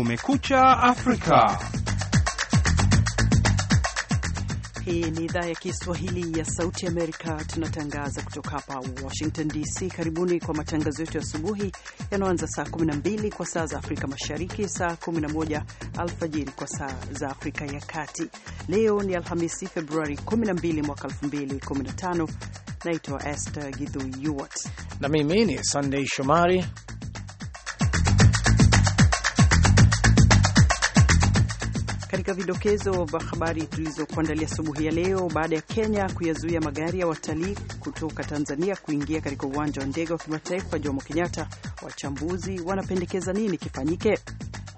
Kumekucha Afrika. Hii ni idhaa ya Kiswahili ya Sauti Amerika. Tunatangaza kutoka hapa Washington DC. Karibuni kwa matangazo yetu ya asubuhi yanaoanza saa 12 kwa saa za Afrika Mashariki, saa 11 alfajiri kwa saa za Afrika ya Kati. Leo ni Alhamisi, Februari 12 mwaka 2015. Naitwa Esther Githu Yuwat na mimi ni sandei Shomari katika vidokezo vya habari tulizokuandalia asubuhi ya leo, baada ya Kenya kuyazuia magari ya watalii kutoka Tanzania kuingia katika uwanja wa ndege wa kimataifa Jomo Kenyatta, wachambuzi wanapendekeza nini kifanyike?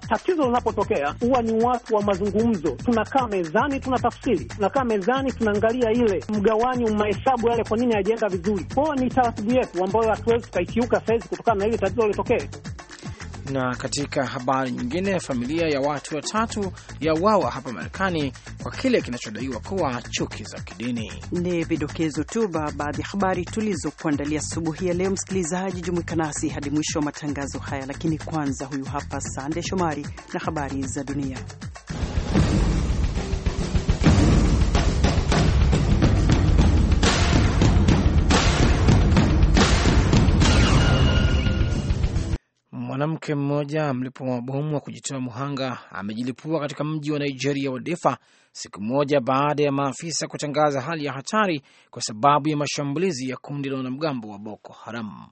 Tatizo linapotokea huwa ni watu wa mazungumzo, tunakaa mezani, tuna tafsiri tunakaa mezani, tunaangalia ile mgawanyo, mahesabu yale, kwa nini hayajaenda vizuri. Kwao ni taratibu yetu ambayo hatuwezi tukaikiuka sahizi kutokana na ile tatizo lilitokea. Na katika habari nyingine, familia ya watu watatu ya wawa hapa Marekani kwa kile kinachodaiwa kuwa chuki za kidini. Ni vidokezo tu ba baadhi ya habari tulizokuandalia asubuhi ya leo. Msikilizaji, jumuika nasi hadi mwisho wa matangazo haya, lakini kwanza, huyu hapa Sande Shomari na habari za dunia. mwanamke mmoja mlipua mabomu wa kujitoa muhanga amejilipua katika mji wa Nigeria wa Defa siku moja baada ya maafisa kutangaza hali ya hatari kwa sababu ya mashambulizi ya kundi la wanamgambo wa Boko Haram.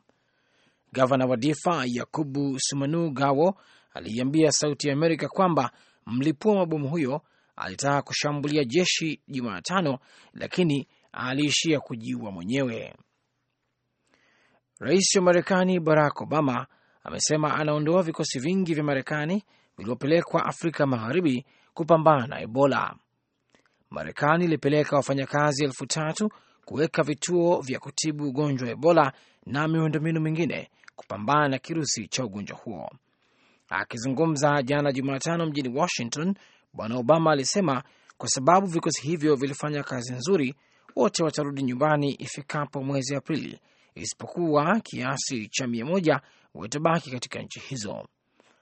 Gavana wa Difa Yakubu Sumanu Gawo aliiambia Sauti ya Amerika kwamba mlipua mabomu huyo alitaka kushambulia jeshi Jumatano, lakini aliishia kujiua mwenyewe. Rais wa Marekani Barack Obama amesema anaondoa vikosi vingi vya Marekani vilivyopelekwa Afrika Magharibi kupambana na Ebola. Marekani ilipeleka wafanyakazi elfu tatu kuweka vituo vya kutibu ugonjwa wa Ebola na miundombinu mingine kupambana na kirusi cha ugonjwa huo. Akizungumza jana Jumatano mjini Washington, Bwana Obama alisema kwa sababu vikosi hivyo vilifanya kazi nzuri, wote watarudi nyumbani ifikapo mwezi Aprili, isipokuwa kiasi cha mia moja watabaki katika nchi hizo.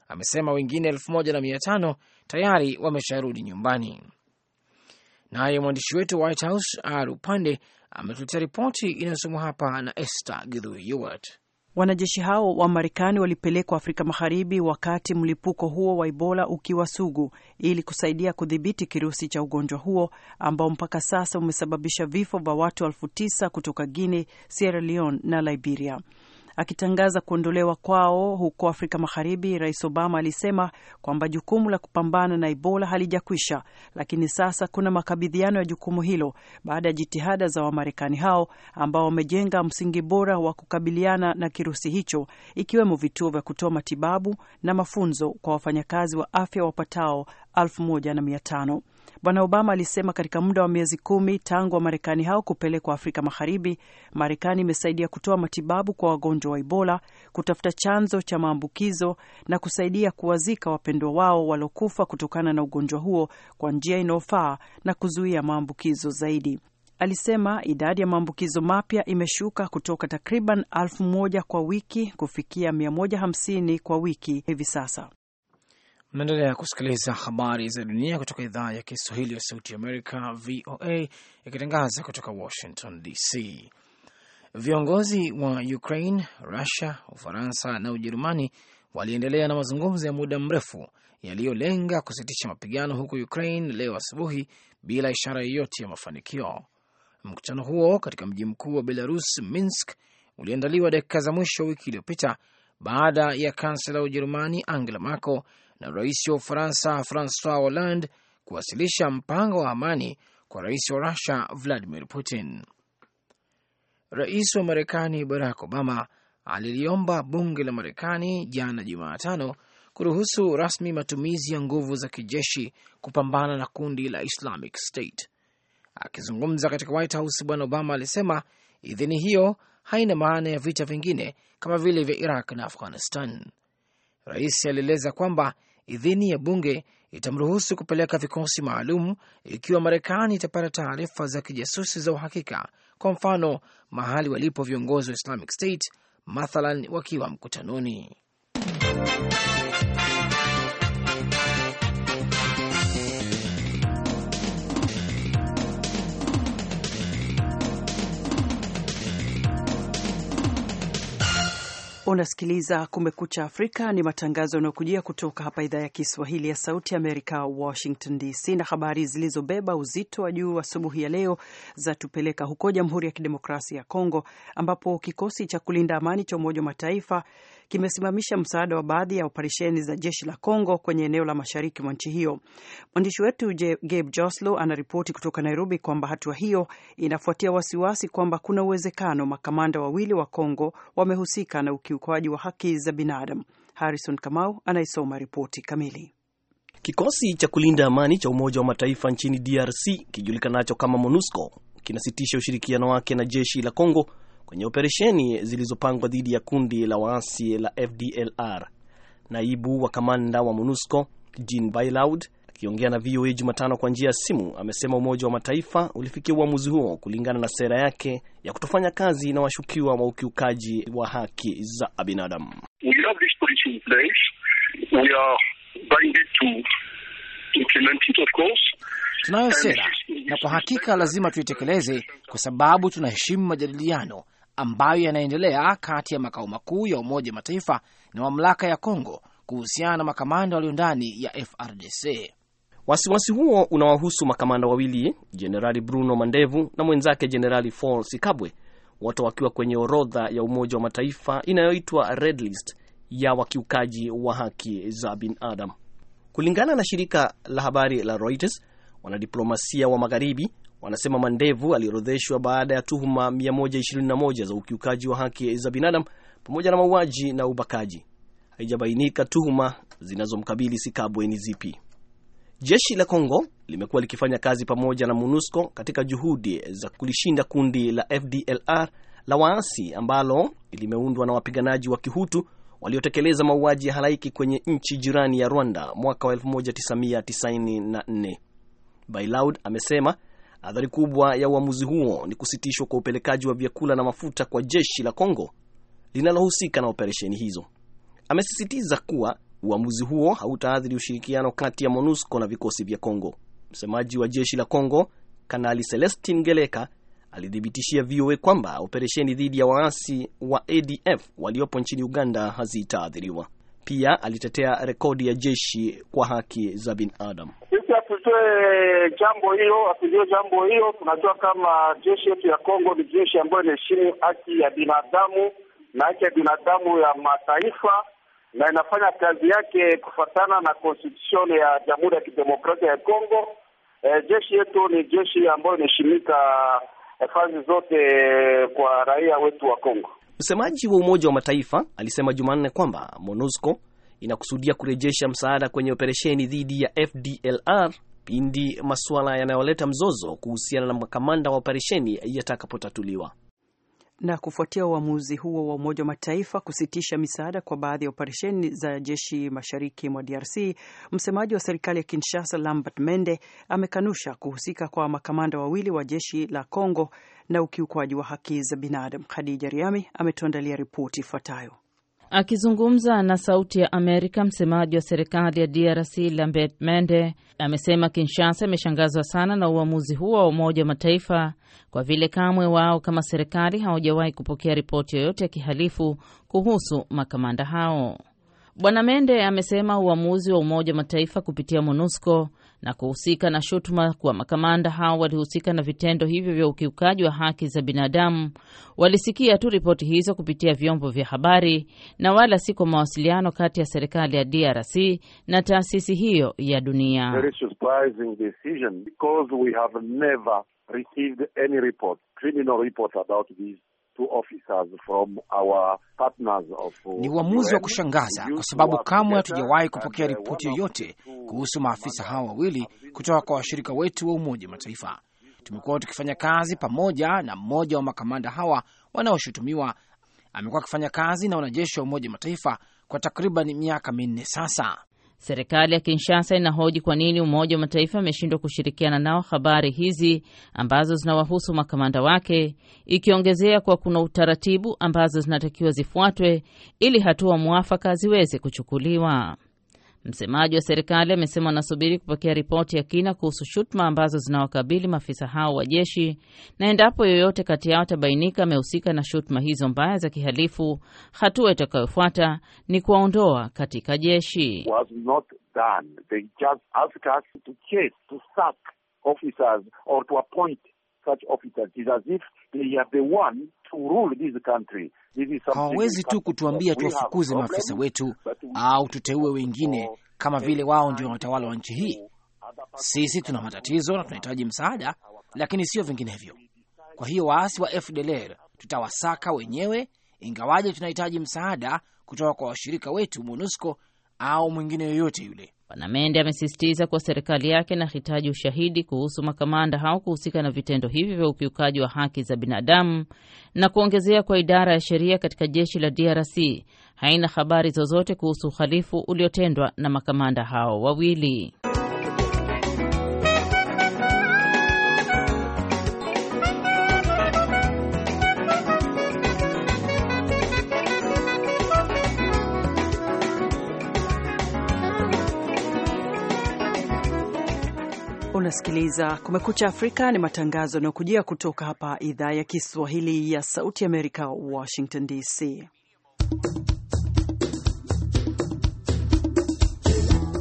Amesema wengine elfu moja na mia tano tayari wamesharudi nyumbani. Naye mwandishi wetu White House Aru ametuletea ripoti inayosomwa hapa na Esther Githui Wanajeshi hao wa Marekani walipelekwa Afrika Magharibi wakati mlipuko huo wa Ebola ukiwa sugu ili kusaidia kudhibiti kirusi cha ugonjwa huo ambao mpaka sasa umesababisha vifo vya watu elfu tisa kutoka Guinea, Sierra Leone na Liberia. Akitangaza kuondolewa kwao huko Afrika Magharibi, Rais Obama alisema kwamba jukumu la kupambana na Ebola halijakwisha, lakini sasa kuna makabidhiano ya jukumu hilo baada ya jitihada za Wamarekani hao ambao wamejenga msingi bora wa kukabiliana na kirusi hicho, ikiwemo vituo vya kutoa matibabu na mafunzo kwa wafanyakazi wa afya wapatao elfu moja na mia tano. Bwana Obama alisema katika muda wa miezi kumi tangu Wamarekani hao kupelekwa Afrika Magharibi, Marekani imesaidia kutoa matibabu kwa wagonjwa wa Ebola, kutafuta chanzo cha maambukizo na kusaidia kuwazika wapendwa wao waliokufa kutokana na ugonjwa huo kwa njia inayofaa na kuzuia maambukizo zaidi. Alisema idadi ya maambukizo mapya imeshuka kutoka takriban elfu moja kwa wiki kufikia 150 kwa wiki hivi sasa. Mnaendelea kusikiliza habari za dunia kutoka idhaa ya Kiswahili ya Sauti Amerika, VOA, ikitangaza kutoka Washington DC. Viongozi wa Ukraine, russia Ufaransa na Ujerumani waliendelea na mazungumzo ya muda mrefu yaliyolenga kusitisha mapigano huko Ukraine leo asubuhi bila ishara yoyote ya mafanikio. Mkutano huo katika mji mkuu wa Belarus, Minsk, uliandaliwa dakika za mwisho wiki iliyopita baada ya kansela wa Ujerumani Angela Merkel na rais wa Ufaransa Francois Hollande kuwasilisha mpango wa amani kwa rais wa Rusia Vladimir Putin. Rais wa Marekani Barack Obama aliliomba bunge la Marekani jana Jumatano kuruhusu rasmi matumizi ya nguvu za kijeshi kupambana na kundi la Islamic State. Akizungumza katika White House, Bwana Obama alisema idhini hiyo haina maana ya vita vingine kama vile vya Iraq na Afghanistan. Rais alieleza kwamba idhini ya bunge itamruhusu kupeleka vikosi maalum ikiwa Marekani itapata taarifa za kijasusi za uhakika, kwa mfano mahali walipo viongozi wa Islamic State mathalan wakiwa mkutanoni. Unasikiliza Kumekucha Afrika, ni matangazo yanayokujia kutoka hapa idhaa ya Kiswahili ya Sauti Amerika, Washington DC. Na habari zilizobeba uzito wa juu asubuhi ya leo za tupeleka huko Jamhuri ya Kidemokrasia ya Kongo, ambapo kikosi cha kulinda amani cha Umoja wa Mataifa kimesimamisha msaada wa baadhi ya operesheni za jeshi la congo kwenye eneo la mashariki mwa nchi hiyo. Mwandishi wetu Gabe Joslow anaripoti kutoka Nairobi kwamba hatua hiyo inafuatia wasiwasi kwamba kuna uwezekano makamanda wawili wa congo wamehusika na ukiukwaji wa haki za binadamu. Harrison Kamau anaisoma ripoti kamili. Kikosi cha kulinda amani cha Umoja wa Mataifa nchini DRC kijulikanacho kama MONUSCO kinasitisha ushirikiano wake na jeshi la congo kwenye operesheni zilizopangwa dhidi ya kundi la waasi la FDLR. Naibu wa kamanda wa MONUSCO Jean Bailaud akiongea na VOA Jumatano kwa njia ya simu amesema Umoja wa Mataifa ulifikia uamuzi huo kulingana na sera yake ya kutofanya kazi na washukiwa wa ukiukaji wa haki za binadamu. Tunayo sera na kwa hakika lazima tuitekeleze, kwa sababu tunaheshimu majadiliano ambayo yanaendelea kati ya makao makuu ya Umoja Mataifa na mamlaka ya Kongo kuhusiana na makamanda walio ndani ya FRDC. Wasiwasi huo unawahusu makamanda wawili, Jenerali Bruno Mandevu na mwenzake Jenerali Paul Sikabwe, wote wakiwa kwenye orodha ya Umoja wa Mataifa inayoitwa Red List ya wakiukaji wa haki za binadamu. Kulingana na shirika la habari la Reuters, wanadiplomasia wa Magharibi Wanasema Mandevu aliorodheshwa baada ya tuhuma 121 za ukiukaji wa haki za binadamu pamoja na mauaji na ubakaji. Haijabainika tuhuma zinazomkabili Sikabwe ni zipi. Jeshi la Kongo limekuwa likifanya kazi pamoja na MONUSCO katika juhudi za kulishinda kundi la FDLR la waasi ambalo limeundwa na wapiganaji wa Kihutu waliotekeleza mauaji ya halaiki kwenye nchi jirani ya Rwanda mwaka wa 1994. Bailaud amesema Athari kubwa ya uamuzi huo ni kusitishwa kwa upelekaji wa vyakula na mafuta kwa jeshi la Kongo linalohusika na operesheni hizo. Amesisitiza kuwa uamuzi huo hautaathiri ushirikiano kati ya MONUSCO na vikosi vya Kongo. Msemaji wa jeshi la Kongo Kanali Celestin Geleka alithibitishia VOA kwamba operesheni dhidi ya waasi wa ADF waliopo nchini Uganda hazitaathiriwa. Pia alitetea rekodi ya jeshi kwa haki za binadamu sisi hatujue jambo hiyo, atujue jambo hiyo. Tunajua kama jeshi yetu ya Kongo ni jeshi ambayo inaheshimu haki ya binadamu na haki ya binadamu ya mataifa na inafanya kazi yake kufatana na constitution ya Jamhuri ya Kidemokrasia ya Kongo. E, jeshi yetu ni jeshi ambayo inaheshimika eh, fazi zote eh, kwa raia wetu wa Kongo. Msemaji wa Umoja wa Mataifa alisema Jumanne kwamba MONUSCO inakusudia kurejesha msaada kwenye operesheni dhidi ya FDLR pindi masuala yanayoleta mzozo kuhusiana na makamanda wa operesheni yatakapotatuliwa. Na kufuatia uamuzi huo wa Umoja wa Mataifa kusitisha misaada kwa baadhi ya operesheni za jeshi mashariki mwa DRC, msemaji wa serikali ya Kinshasa Lambert Mende amekanusha kuhusika kwa makamanda wawili wa jeshi la congo na ukiukwaji wa haki za binadamu. Khadija Riami ametuandalia ripoti ifuatayo. Akizungumza na Sauti ya Amerika, msemaji wa serikali ya DRC Lambert Mende amesema Kinshasa imeshangazwa sana na uamuzi huo wa Umoja wa Mataifa kwa vile kamwe wao kama serikali hawajawahi kupokea ripoti yoyote ya kihalifu kuhusu makamanda hao. Bwana Mende amesema uamuzi wa Umoja wa Mataifa kupitia MONUSCO na kuhusika na shutuma kuwa makamanda hao walihusika na vitendo hivyo vya ukiukaji wa haki za binadamu, walisikia tu ripoti hizo kupitia vyombo vya habari na wala si kwa mawasiliano kati ya serikali ya DRC na taasisi hiyo ya dunia. Uh, ni uamuzi wa kushangaza kwa sababu kamwe hatujawahi kupokea uh, ripoti yoyote kuhusu maafisa hawa wawili kutoka kwa washirika wetu wa Umoja wa Mataifa. Tumekuwa tukifanya kazi pamoja na mmoja wa makamanda hawa wanaoshutumiwa amekuwa akifanya kazi na wanajeshi wa Umoja wa Mataifa kwa takriban miaka minne sasa. Serikali ya Kinshasa inahoji kwa nini Umoja wa Mataifa ameshindwa kushirikiana nao habari hizi ambazo zinawahusu makamanda wake, ikiongezea kuwa kuna utaratibu ambazo zinatakiwa zifuatwe ili hatua mwafaka ziweze kuchukuliwa. Msemaji wa serikali amesema wanasubiri kupokea ripoti ya kina kuhusu shutuma ambazo zinawakabili maafisa hao wa jeshi, na endapo yoyote kati yao atabainika amehusika na shutuma hizo mbaya za kihalifu, hatua itakayofuata ni kuwaondoa katika jeshi. Officers or to appoint such officers. It's as if they are the one to rule this country. This is hawawezi tu kutuambia tuwafukuze maafisa wetu au tuteue wengine kama vile wao ndio watawala wa nchi hii. Sisi tuna matatizo na tunahitaji msaada, lakini sio vinginevyo. Kwa hiyo waasi wa FDLR tutawasaka wenyewe, ingawaje tunahitaji msaada kutoka kwa washirika wetu MONUSCO au mwingine yoyote yule. Panamende amesisitiza kuwa serikali yake inahitaji ushahidi kuhusu makamanda hao kuhusika na vitendo hivi vya ukiukaji wa haki za binadamu na kuongezea kwa idara ya sheria katika jeshi la DRC haina habari zozote kuhusu uhalifu uliotendwa na makamanda hao wawili. Unasikiliza Kumekucha Afrika, ni matangazo yanayokujia kutoka hapa idhaa ya Kiswahili ya Sauti Amerika, Washington DC.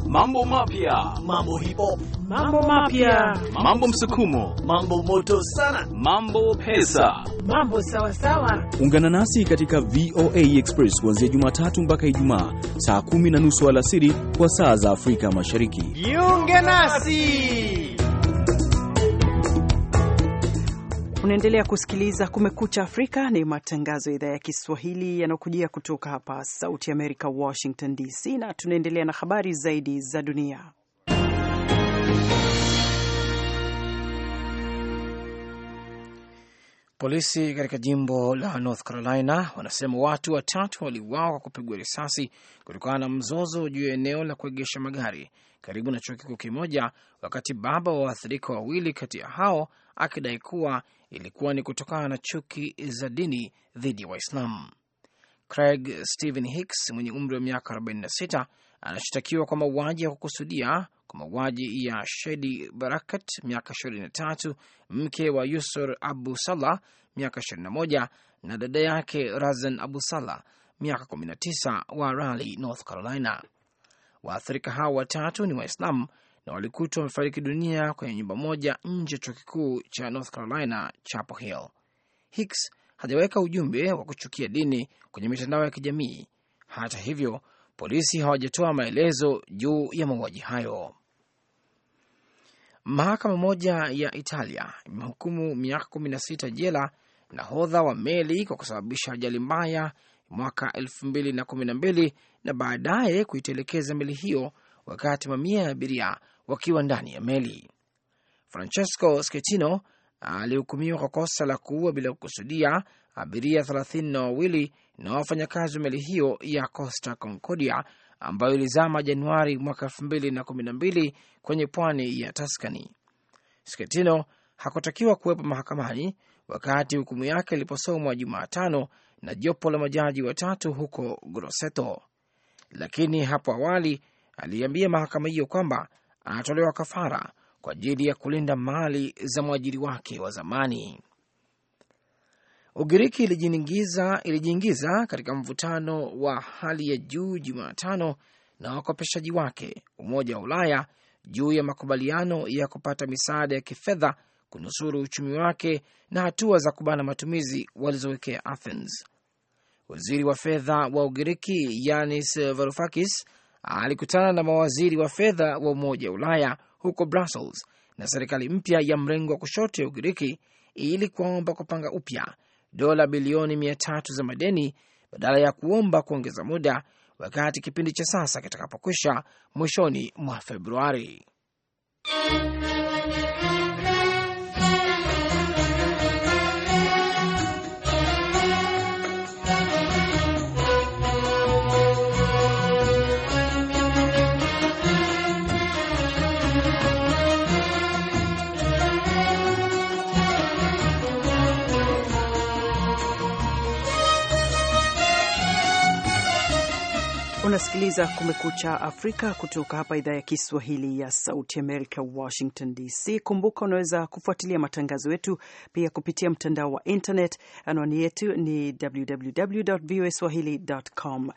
Mambo mapya, mambo hipo mambo mapya, mambo msukumo, mambo moto sana, mambo pesa, mambo sawasawa Ungana nasi katika VOA Express kuanzia Jumatatu mpaka Ijumaa saa kumi na nusu alasiri kwa saa za Afrika Mashariki. Jiunge nasi. Unaendelea kusikiliza Kumekucha Afrika, ni matangazo ya idhaa ya Kiswahili yanayokujia kutoka hapa Sauti ya Amerika, Washington DC, na tunaendelea na habari zaidi za dunia. Polisi katika jimbo la North Carolina wanasema watu watatu waliuawa kwa kupigwa risasi kutokana na mzozo juu ya eneo la kuegesha magari karibu na chuo kikuu kimoja, wakati baba wa waathirika wawili kati ya hao akidai kuwa ilikuwa ni kutokana na chuki za dini dhidi ya Waislamu. Craig Stephen Hicks mwenye umri wa miaka 46 anashtakiwa kwa mauaji ya kukusudia kwa mauaji ya Shedi Barakat miaka 23, mke wa Yusur Abu Salah miaka 21 na dada yake Razan Abu Salah miaka 19 wa Raleigh, North Carolina. Waathirika hao watatu ni Waislamu na walikutwa wamefariki dunia kwenye nyumba moja nje ya chuo kikuu cha North Carolina, Chapel Hill. Hicks hajaweka ujumbe wa kuchukia dini kwenye mitandao ya kijamii. Hata hivyo, polisi hawajatoa maelezo juu ya mauaji hayo. Mahakama moja ya Italia imehukumu miaka kumi na sita jela nahodha wa meli kwa kusababisha ajali mbaya mwaka 2012 na baadaye kuitelekeza meli hiyo wakati mamia ya abiria wakiwa ndani ya meli. Francesco Schettino alihukumiwa kwa kosa la kuua bila kukusudia abiria thelathini na wawili na wafanyakazi wa meli hiyo ya Costa Concordia ambayo ilizama Januari mwaka 2012 kwenye pwani ya Tuscany. Schettino hakutakiwa kuwepo mahakamani wakati hukumu yake iliposomwa Jumatano na jopo la majaji watatu huko groseto lakini hapo awali aliambia mahakama hiyo kwamba anatolewa kafara kwa ajili ya kulinda mali za mwajiri wake wa zamani. Ugiriki ilijiingiza katika mvutano wa hali ya juu Jumatano na wakopeshaji wake Umoja wa Ulaya juu ya makubaliano ya kupata misaada ya kifedha kunusuru uchumi wake na hatua za kubana matumizi walizowekea Athens. Waziri wa fedha wa Ugiriki Yanis Varoufakis alikutana na mawaziri wa fedha wa Umoja wa Ulaya huko Brussels na serikali mpya ya mrengo wa kushoto ya Ugiriki ili kuwaomba kupanga upya dola bilioni mia tatu za madeni badala ya kuomba kuongeza muda wakati kipindi cha sasa kitakapokwisha mwishoni mwa Februari. Unasikiliza Kumekucha Afrika kutoka hapa idhaa ya Kiswahili ya Sauti Amerika, Washington DC. Kumbuka unaweza kufuatilia matangazo yetu pia kupitia mtandao wa internet. Anwani yetu ni www voa swahili com.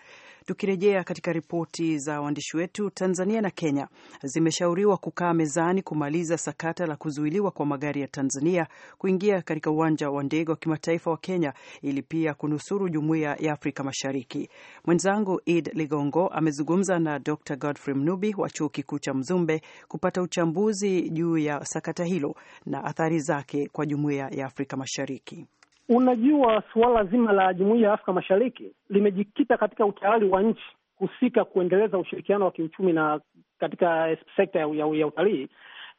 Tukirejea katika ripoti za waandishi wetu, Tanzania na Kenya zimeshauriwa kukaa mezani kumaliza sakata la kuzuiliwa kwa magari ya Tanzania kuingia katika uwanja wa ndege wa kimataifa wa Kenya ili pia kunusuru jumuiya ya Afrika Mashariki. Mwenzangu ed Ligongo amezungumza na Dr Godfrey Mnubi wa chuo kikuu cha Mzumbe kupata uchambuzi juu ya sakata hilo na athari zake kwa jumuiya ya Afrika Mashariki. Unajua, suala zima la Jumuiya ya Afrika Mashariki limejikita katika utayari wa nchi husika kuendeleza ushirikiano wa kiuchumi na katika sekta ya, ya, ya utalii,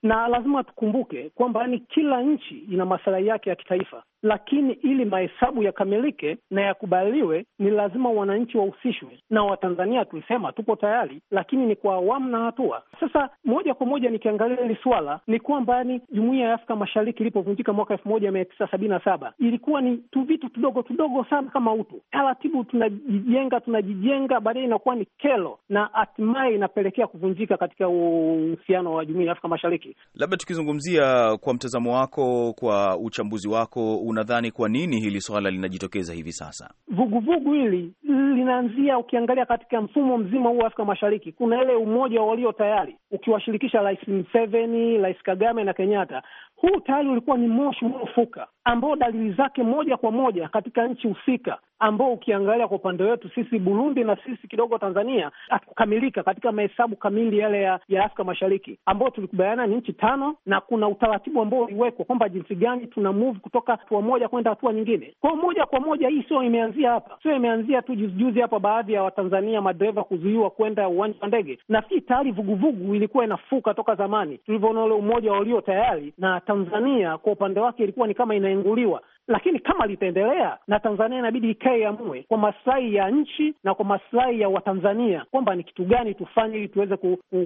na lazima tukumbuke kwamba ni kila nchi ina masalahi yake ya kitaifa lakini ili mahesabu yakamilike na yakubaliwe, ni lazima wananchi wahusishwe, na Watanzania tulisema tupo tayari, lakini ni kwa awamu na hatua. Sasa moja kwa moja nikiangalia hili swala ni kwamba yani, jumuiya ya Afrika Mashariki ilipovunjika mwaka elfu moja mia tisa sabini na saba ilikuwa ni tu vitu tudogo tudogo sana kama utu. Taratibu tunajijenga tunajijenga, baadaye inakuwa ni kelo na hatimaye inapelekea kuvunjika katika uhusiano wa jumuiya ya Afrika Mashariki. Labda tukizungumzia kwa mtazamo wako, kwa uchambuzi wako unadhani kwa nini hili swala linajitokeza hivi sasa? Vuguvugu hili linaanzia, ukiangalia katika mfumo mzima huu wa Afrika Mashariki, kuna ile umoja walio tayari, ukiwashirikisha Rais Mseveni, Rais Kagame na Kenyatta, huu tayari ulikuwa ni moshi unaofuka ambao dalili zake moja kwa moja katika nchi husika, ambao ukiangalia kwa upande wetu sisi Burundi na sisi kidogo Tanzania hatukukamilika katika mahesabu kamili yale ya, ya Afrika Mashariki ambao tulikubaliana ni nchi tano, na kuna utaratibu ambao uliwekwa kwamba jinsi gani tuna move kutoka hatua moja kwenda hatua nyingine. Kwa moja kwa moja, hii sio imeanzia hapa, sio imeanzia tu juzijuzi hapa, baadhi ya Watanzania madereva kuzuiwa kwenda uwanja wa ndege. Nafikiri tayari vuguvugu ilikuwa inafuka toka zamani, tulivyoona ule umoja walio tayari na Tanzania kwa upande wake ilikuwa ni kama inainguliwa lakini kama litaendelea na Tanzania inabidi ikae amue kwa maslahi ya nchi na kwa maslahi ya Watanzania kwamba ni kitu gani tufanye ili tuweze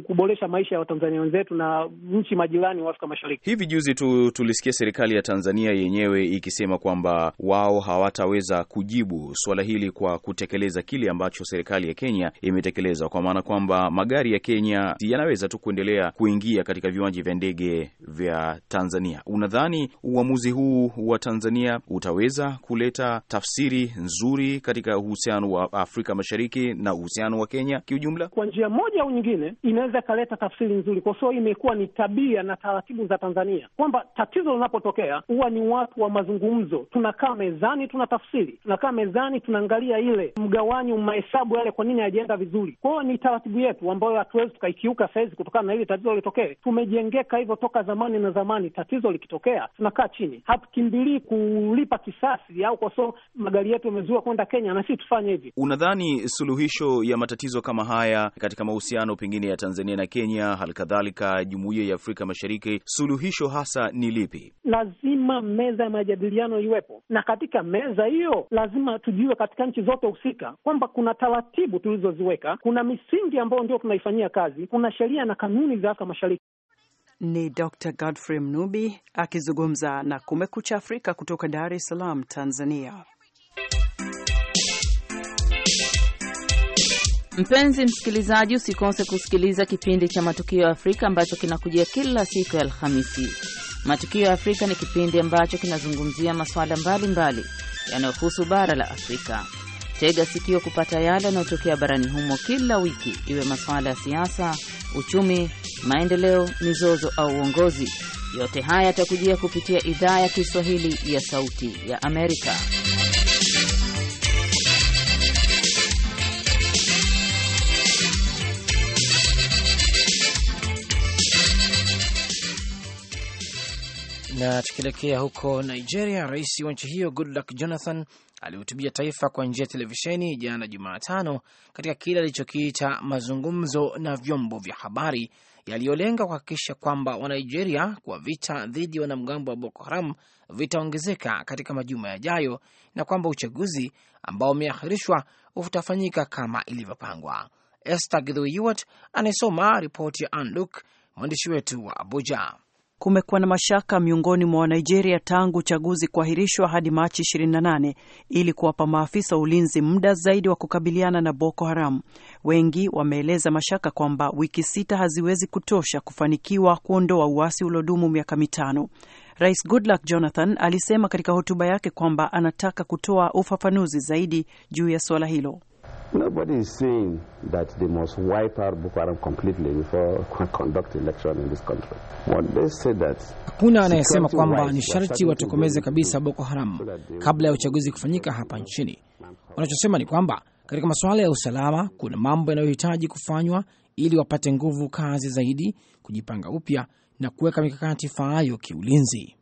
kuboresha maisha ya Watanzania wenzetu na nchi majirani wa Afrika Mashariki. Hivi juzi tu tulisikia serikali ya Tanzania yenyewe ikisema kwamba wao hawataweza kujibu suala hili kwa kutekeleza kile ambacho serikali ya Kenya imetekeleza, kwa maana kwamba magari ya Kenya yanaweza tu kuendelea kuingia katika viwanja vya ndege vya Tanzania. Unadhani uamuzi huu wa Tanzania utaweza kuleta tafsiri nzuri katika uhusiano wa Afrika Mashariki na uhusiano wa Kenya kiujumla? Kwa njia moja au nyingine inaweza ikaleta tafsiri nzuri, kwa sababu imekuwa ni tabia na taratibu za Tanzania kwamba tatizo linapotokea huwa ni watu wa mazungumzo, tunakaa mezani, tuna tafsiri, tunakaa mezani, tunaangalia ile mgawanyo, mahesabu yale, kwa nini hayajaenda vizuri. Kwa hiyo ni taratibu yetu ambayo hatuwezi tukaikiuka sahizi kutokana na ile tatizo litokee. Tumejengeka hivyo toka zamani na zamani, tatizo likitokea tunakaa chini, hatukimbilii kulipa kisasi au kwa so magari yetu yamezua kwenda Kenya na sisi tufanye hivi. Unadhani suluhisho ya matatizo kama haya katika mahusiano pengine ya Tanzania na Kenya, halikadhalika Jumuiya ya Afrika Mashariki, suluhisho hasa ni lipi? Lazima meza ya majadiliano iwepo, na katika meza hiyo lazima tujue katika nchi zote husika kwamba kuna taratibu tulizoziweka, kuna misingi ambayo ndio tunaifanyia kazi, kuna sheria na kanuni za Afrika Mashariki. Ni Dr Godfrey Mnubi akizungumza na Kumekucha Afrika kutoka Dar es Salaam, Tanzania. Mpenzi msikilizaji, usikose kusikiliza kipindi cha Matukio ya Afrika ambacho kinakujia kila siku ya Alhamisi. Matukio ya Afrika ni kipindi ambacho kinazungumzia masuala mbalimbali yanayohusu bara la Afrika. Tega sikio kupata yale yanayotokea barani humo kila wiki, iwe masuala ya siasa, uchumi, maendeleo, mizozo au uongozi. Yote haya yatakujia kupitia idhaa ya Kiswahili ya Sauti ya Amerika. Na tukielekea huko Nigeria, rais wa nchi hiyo Goodluck Jonathan alihutubia taifa kwa njia ya televisheni jana Jumatano katika kile alichokiita mazungumzo na vyombo vya habari yaliyolenga kuhakikisha kwamba Wanigeria kwa vita dhidi ya wanamgambo wa Boko Haram vitaongezeka katika majuma yajayo na kwamba uchaguzi ambao umeahirishwa utafanyika kama ilivyopangwa. Esther Githui anayesoma ripoti ya Anluk, mwandishi wetu wa Abuja. Kumekuwa na mashaka miongoni mwa Wanigeria tangu uchaguzi kuahirishwa hadi Machi 28 ili kuwapa maafisa wa ulinzi muda zaidi wa kukabiliana na Boko Haram. Wengi wameeleza mashaka kwamba wiki sita haziwezi kutosha kufanikiwa kuondoa uasi uliodumu miaka mitano. Rais Goodluck Jonathan alisema katika hotuba yake kwamba anataka kutoa ufafanuzi zaidi juu ya suala hilo. Nobody is saying that they must wipe out Boko Haram completely before conduct election in this country. What they say that, hakuna anayesema kwamba ni sharti watokomeze kabisa Boko Haram kabla ya uchaguzi kufanyika hapa nchini. Wanachosema ni kwamba katika masuala ya usalama kuna mambo yanayohitaji kufanywa ili wapate nguvu kazi zaidi, kujipanga upya na kuweka mikakati faayo kiulinzi.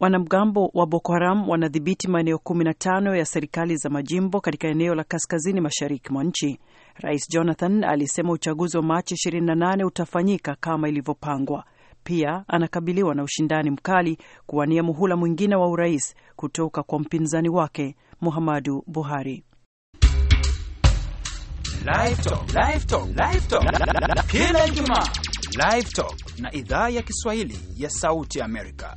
Wanamgambo wa Boko Haram wanadhibiti maeneo 15 ya serikali za majimbo katika eneo la kaskazini mashariki mwa nchi. Rais Jonathan alisema uchaguzi wa Machi 28 utafanyika kama ilivyopangwa. Pia anakabiliwa na ushindani mkali kuwania muhula mwingine wa urais kutoka kwa mpinzani wake Muhammadu Buhari. Kila Ijumaa Live Talk na idhaa ya Kiswahili ya Sauti Amerika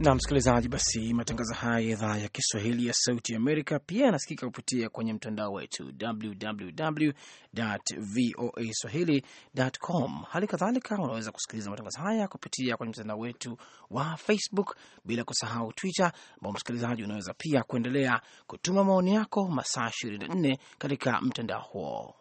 na msikilizaji, basi matangazo haya ya idhaa ya Kiswahili ya Sauti Amerika pia yanasikika kupitia kwenye mtandao wetu www voa swahili.com. Hali kadhalika unaweza kusikiliza matangazo haya kupitia kwenye mtandao wetu wa Facebook, bila kusahau Twitter, ambao msikilizaji unaweza pia kuendelea kutuma maoni yako masaa 24 katika mtandao huo.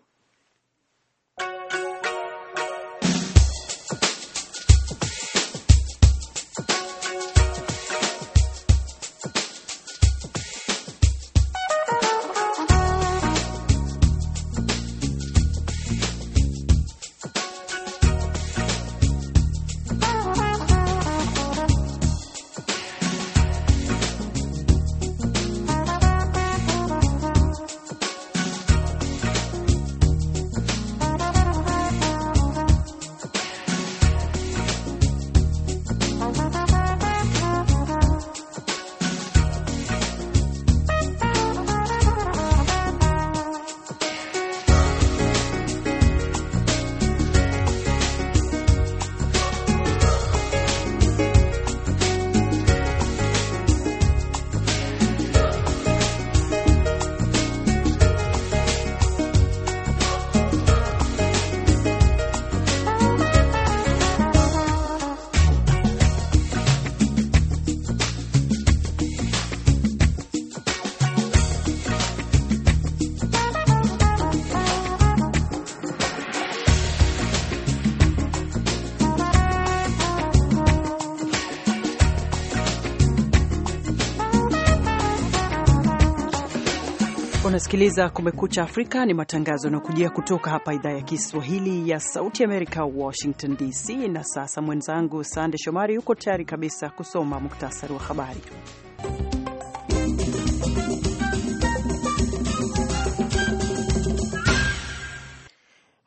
Unasikiliza Kumekucha Afrika, ni matangazo yanaokujia kutoka hapa idhaa ya Kiswahili ya Sauti Amerika, Washington DC. Na sasa mwenzangu Sande Shomari yuko tayari kabisa kusoma muktasari wa habari.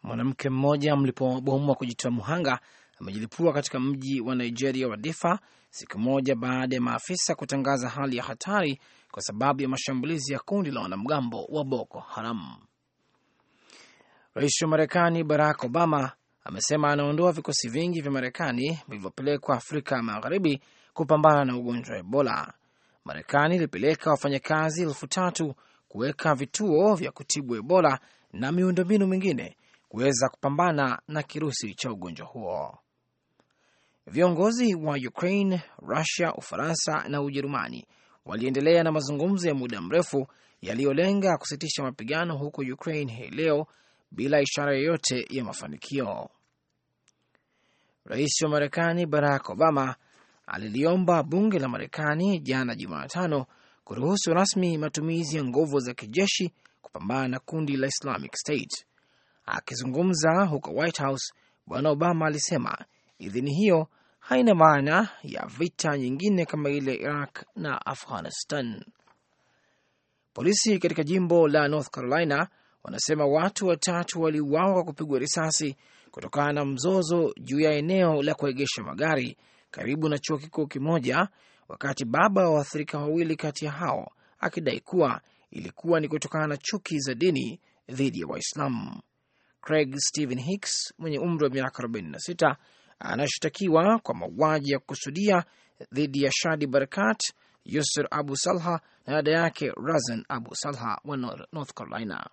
Mwanamke mmoja mlipobomwa wa kujitoa muhanga amejilipua katika mji wa Nigeria wa Difa siku moja baada ya maafisa kutangaza hali ya hatari kwa sababu ya mashambulizi ya kundi la wanamgambo wa Boko Haram. Rais wa Marekani Barack Obama amesema anaondoa vikosi vingi vya Marekani vilivyopelekwa Afrika ya Magharibi kupambana na ugonjwa wa Ebola. Marekani ilipeleka wafanyakazi elfu tatu kuweka vituo vya kutibu Ebola na miundombinu mingine kuweza kupambana na kirusi cha ugonjwa huo. Viongozi wa Ukraine, Rusia, Ufaransa na Ujerumani waliendelea na mazungumzo ya muda mrefu yaliyolenga kusitisha mapigano huko Ukraine hii leo bila ishara yoyote ya mafanikio. Rais wa Marekani Barack Obama aliliomba bunge la Marekani jana Jumatano kuruhusu rasmi matumizi ya nguvu za kijeshi kupambana na kundi la Islamic State. Akizungumza huko White House, Bwana Obama alisema idhini hiyo haina maana ya vita nyingine kama ile Iraq na Afghanistan. Polisi katika jimbo la North Carolina wanasema watu watatu waliuawa kwa kupigwa risasi kutokana na mzozo juu ya eneo la kuegesha magari karibu na chuo kikuu kimoja, wakati baba wa waathirika wawili kati ya hao akidai kuwa ilikuwa ni kutokana na chuki za dini dhidi ya Waislamu. Craig Stephen Hicks mwenye umri wa miaka 46 anashtakiwa kwa mauaji ya kukusudia dhidi ya Shadi Barakat, Yusur Abu Salha na dada yake Razan Abu Salha wa North Carolina.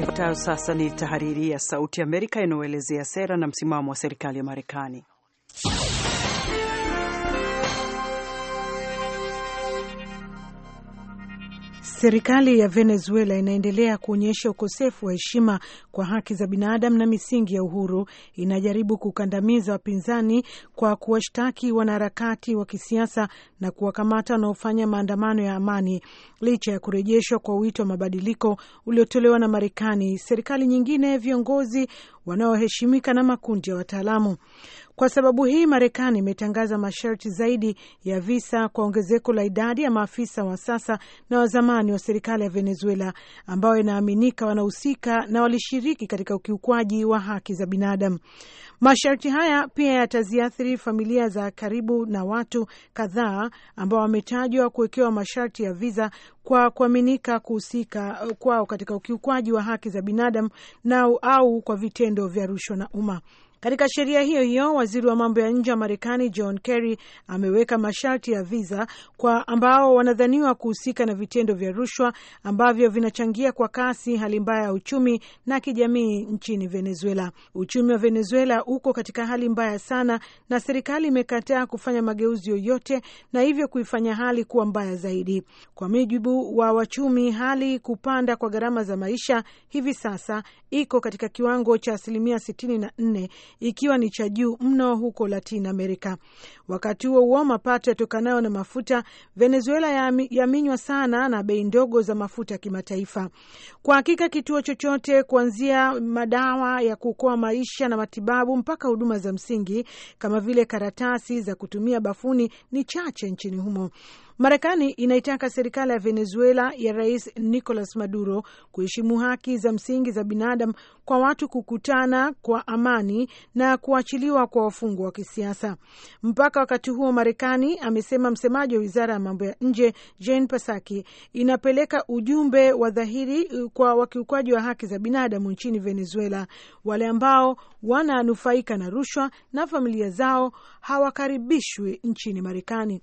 Ifuatayo sasa ni tahariri ya Sauti Amerika inayoelezea sera na msimamo wa serikali ya Marekani. Serikali ya Venezuela inaendelea kuonyesha ukosefu wa heshima kwa haki za binadamu na misingi ya uhuru. Inajaribu kukandamiza wapinzani kwa kuwashtaki wanaharakati wa kisiasa na kuwakamata wanaofanya maandamano ya amani. Licha ya kurejeshwa kwa wito wa mabadiliko uliotolewa na Marekani, serikali nyingine, viongozi wanaoheshimika na makundi ya wataalamu. Kwa sababu hii, Marekani imetangaza masharti zaidi ya visa kwa ongezeko la idadi ya maafisa wa sasa na wa zamani wa serikali ya Venezuela ambao inaaminika wanahusika na walishiriki katika ukiukwaji wa haki za binadamu. Masharti haya pia yataziathiri familia za karibu na watu kadhaa ambao wametajwa kuwekewa masharti ya viza kwa kuaminika kuhusika uh, kwao katika ukiukwaji wa haki za binadamu na au kwa vitendo vya rushwa na umma. Katika sheria hiyo hiyo, waziri wa mambo ya nje wa Marekani John Kerry ameweka masharti ya viza kwa ambao wanadhaniwa kuhusika na vitendo vya rushwa ambavyo vinachangia kwa kasi hali mbaya ya uchumi na kijamii nchini Venezuela. Uchumi wa Venezuela uko katika hali mbaya sana, na serikali imekataa kufanya mageuzi yoyote, na hivyo kuifanya hali kuwa mbaya zaidi. Kwa mujibu wa wachumi, hali kupanda kwa gharama za maisha hivi sasa iko katika kiwango cha asilimia sitini na nne ikiwa ni cha juu mno huko Latin America. Wakati huo huo, mapato yatokanayo na mafuta Venezuela yaminywa sana na bei ndogo za mafuta ya kimataifa. Kwa hakika, kituo chochote kuanzia madawa ya kuokoa maisha na matibabu mpaka huduma za msingi kama vile karatasi za kutumia bafuni ni chache nchini humo. Marekani inaitaka serikali ya Venezuela ya Rais Nicolas Maduro kuheshimu haki za msingi za binadamu kwa watu kukutana kwa amani na kuachiliwa kwa wafungwa wa kisiasa. Mpaka wakati huo, Marekani, amesema msemaji wa wizara ya mambo ya nje Jane Psaki, inapeleka ujumbe wa dhahiri kwa wakiukwaji wa haki za binadamu nchini Venezuela, wale ambao wananufaika na rushwa na familia zao hawakaribishwi nchini Marekani.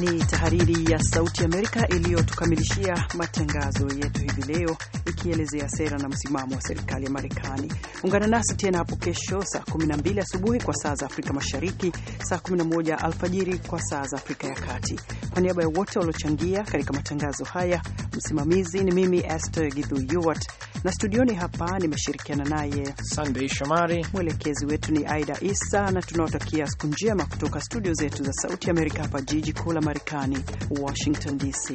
Ni tahariri ya Sauti Amerika iliyotukamilishia matangazo yetu hivi leo, ikielezea sera na msimamo wa serikali ya Marekani. Ungana nasi tena hapo kesho saa 12 asubuhi kwa saa za Afrika Mashariki, saa 11 alfajiri kwa saa za Afrika ya Kati. Kwa niaba ya wote waliochangia katika matangazo haya, msimamizi ni mimi Esther Githu Yuwat, na studioni hapa nimeshirikiana naye Sandei Shomari, mwelekezi wetu ni Aida Isa, na tunaotakia siku njema kutoka studio zetu za Sauti Amerika hapa jiji kuu la Marekani, Washington DC.